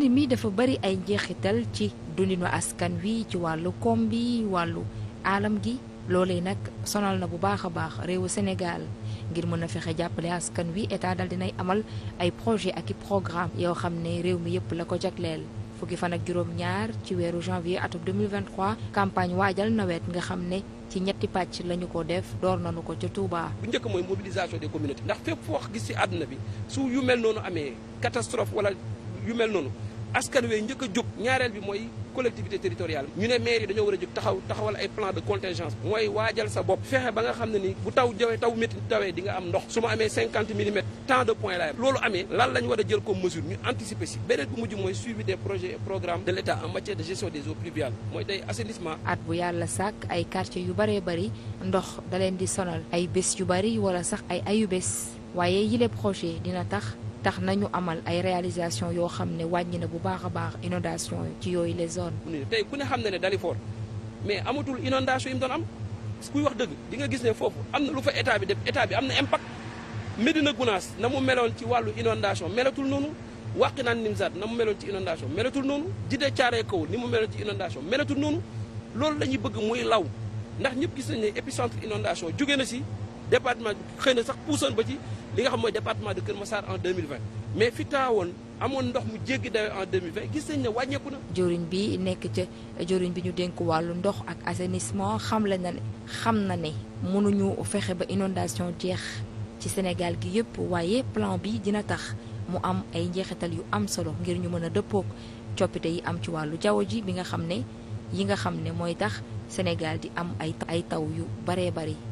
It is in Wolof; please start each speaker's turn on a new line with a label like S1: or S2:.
S1: mbënd mi dafa bari ay njeexital ci dundinu askan wi ci wàllu koom bi wàllu aalam gi loolee nag sonal na bu baax a baax réewu senegal ngir mën a fexe jàppale askan wi état dal dinay amal ay projet ak i programme yow xam ne réew mi yëpp la ko jagleel fukki fan ak juróom ñaar ci weeru janvier atum 2023 campagne waajal nawet nga xam ne ci ñetti pàcc lañu ko def door na nu ko ca Touba. bu
S2: njëkk mooy mobilisation des communautés ndax fépp foo gis ci àdduna bi su yu mel amee catastrophe wala askan wi njëkk a ñaareel bi mooy collectivité territoriale ñu ne maire yi dañoo war a jóg taxaw taxawal ay plan de contingence mooy waajal sa bopp fexe ba nga xam ne ni bu taw jawee taw métti tawee di nga am ndox su ma amee cinquante millimètres tant de points laay loolu amee lan lañ war a jël comme mesure ñu anticiper si beneen bu mujj mooy suivi des projets et programmes de l' en matière de gestion des eaux pluviales mooy tey assainissement
S1: at bu yàlla sàkk ay quartiers yu bëree bari ndox da leen di sonal ay bés yu bëri wala sax ay ayu bés waaye yile projet dina tax tax nañu amal ay réalisation yoo xam ne wàññi na bu baax a baax inondation ci yooyu les zones
S2: tey ku ne xam ne ne Dalifort mais amatul inondation yi mu doon am kuy wax dëgg di nga gis ne foofu am na lu fa état bi def état bi am na impact Médina Gounass na mu meloon ci wàllu inondation melatul noonu Wakhinane Nimzatt na mu meloon ci inondation melatul noonu Djiddah Thiaroye Kao ni mu meloon ci inondation melatul noonu loolu lañuy bëgg muy law ndax ñëpp gis nañ ne épicentre inondation jóge na si département xëy na sax puusoon ba ci li nga xam mooy département de Kër Massar en mais fi taawoon amoon ndox mu jéggi dawe en 2020 gis
S1: nañ ne wàññeeku na. jëriñ bi nekk ca jëriñ bi ñu dénk wàllu ndox ak assainissement xam la na ne xam na ne mënuñu fexe ba inondation jeex ci Sénégal gi yëpp waaye plan bi dina tax mu am ay njeexital yu am solo ngir ñu mën a dëppoog coppite yi am ci wàllu jaww ji bi nga xam ne yi nga xam ne mooy tax Sénégal di am ay ay taw yu baree bari